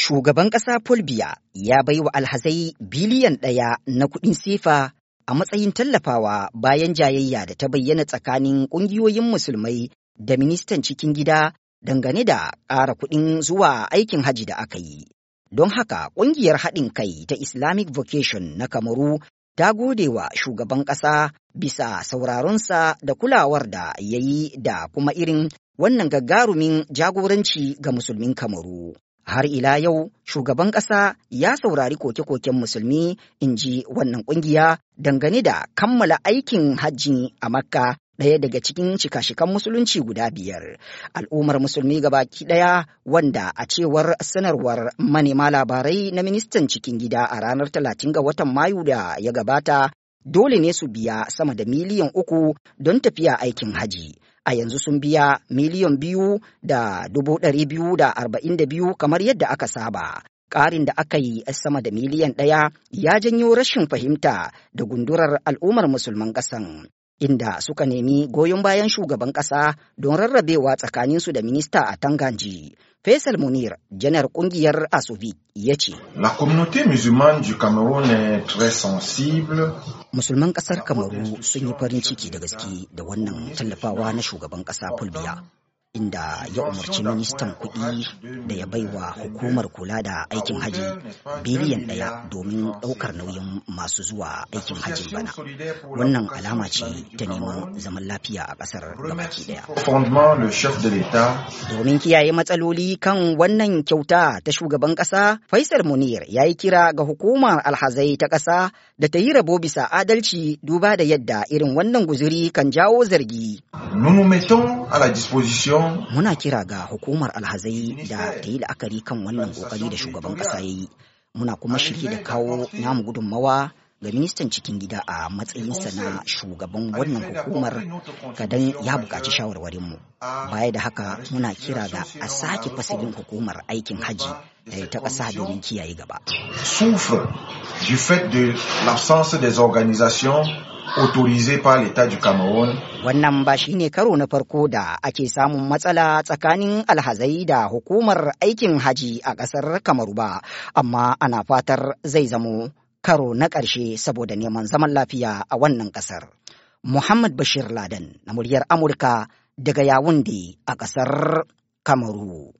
Shugaban ƙasa Paul ya bai wa alhazai biliyan ɗaya na kuɗin sefa a matsayin tallafawa bayan jayayya da ta bayyana tsakanin ƙungiyoyin musulmai da ministan cikin gida dangane da ƙara kuɗin zuwa aikin haji da aka yi. Don haka ƙungiyar haɗin kai ta Islamic Vocation na Kamaru ta gode wa shugaban ƙasa bisa sauraronsa da kulawar da ya yi da kuma irin wannan gagarumin jagoranci ga musulmin Kamaru. har ila yau shugaban ƙasa ya saurari koke-koken musulmi in ji wannan ƙungiya dangane da kammala aikin hajji a makka ɗaya daga cikin shika-shikan musulunci guda biyar al'ummar musulmi gabaki ɗaya wanda a cewar sanarwar manema labarai na ministan cikin gida a ranar talatin ga watan mayu da ya gabata dole ne su biya sama da miliyan uku don tafiya aikin haji a yanzu sun biya miliyan biyu da dubu ɗari biyu da arba'in da biyu kamar yadda aka saba. Ƙarin da aka yi sama da miliyan ɗaya ya janyo rashin fahimta da gundurar al'ummar musulman ƙasan. inda suka nemi goyon bayan shugaban ƙasa don rarrabewa tsakaninsu da minista a Tanganji. Faisal Munir, janar kungiyar Asubi, ya ce, La Musulman ƙasar Kamaru sun yi farin ciki da gaske da wannan tallafawa na shugaban ƙasa Fulbiya. inda ya umarci ministan kuɗi da ya bai wa hukumar kula da aikin haji biliyan ɗaya domin ɗaukar nauyin masu zuwa aikin hajji bana wannan alama ce ta neman zaman lafiya a ƙasar gabaki ɗaya domin kiyaye matsaloli kan wannan kyauta ta shugaban ƙasa faisal munir ya yi kira ga hukumar alhazai ta ƙasa da ta yi rabo bisa adalci duba da yadda irin wannan guzuri kan jawo zargi Nous Muna kira ga hukumar alhazai da ta yi la'akari kan wannan kokari da shugaban ƙasa ya yi. Muna kuma shirye da kawo namu gudunmawa ga ministan cikin gida a matsayinsa na shugaban wannan hukumar kadan ya buƙaci shawarwarinmu baya da haka muna kira ga a sake fasalin hukumar aikin hajji ta ƙasa domin kiyaye gaba. autorisé par l'état du Cameroun. Wannan ba shi ne karo na farko da ake samun matsala tsakanin alhazai da hukumar aikin haji a ƙasar Kamaru ba, amma ana fatar zai zamo karo na ƙarshe saboda neman zaman lafiya a wannan ƙasar. Muhammad Bashir Laden na muryar Amurka daga Yawunde a ƙasar Kamaru.